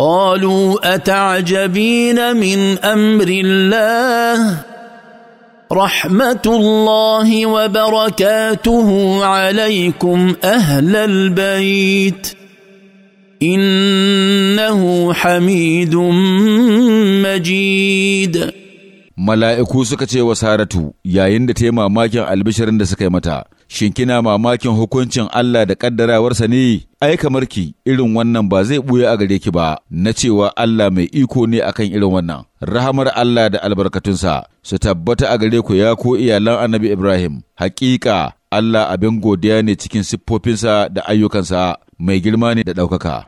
قالوا اتعجبين من امر الله رحمه الله وبركاته عليكم اهل البيت انه حميد مجيد ملائكو سكتي وسارتو يا ين تيما ماكن البشر اند سكاي متا shin kina mamakin hukuncin Allah da ƙaddarawarsa ne? Ai kamar ki irin wannan ba zai ɓuya a gare ki ba, na cewa Allah mai iko ne akan irin wannan. Rahamar Allah da albarkatunsa su tabbata a gare ku ya ko iyalan Annabi Ibrahim. Hakika Allah abin godiya ne cikin siffofinsa da ayyukansa mai girma ne da ɗaukaka.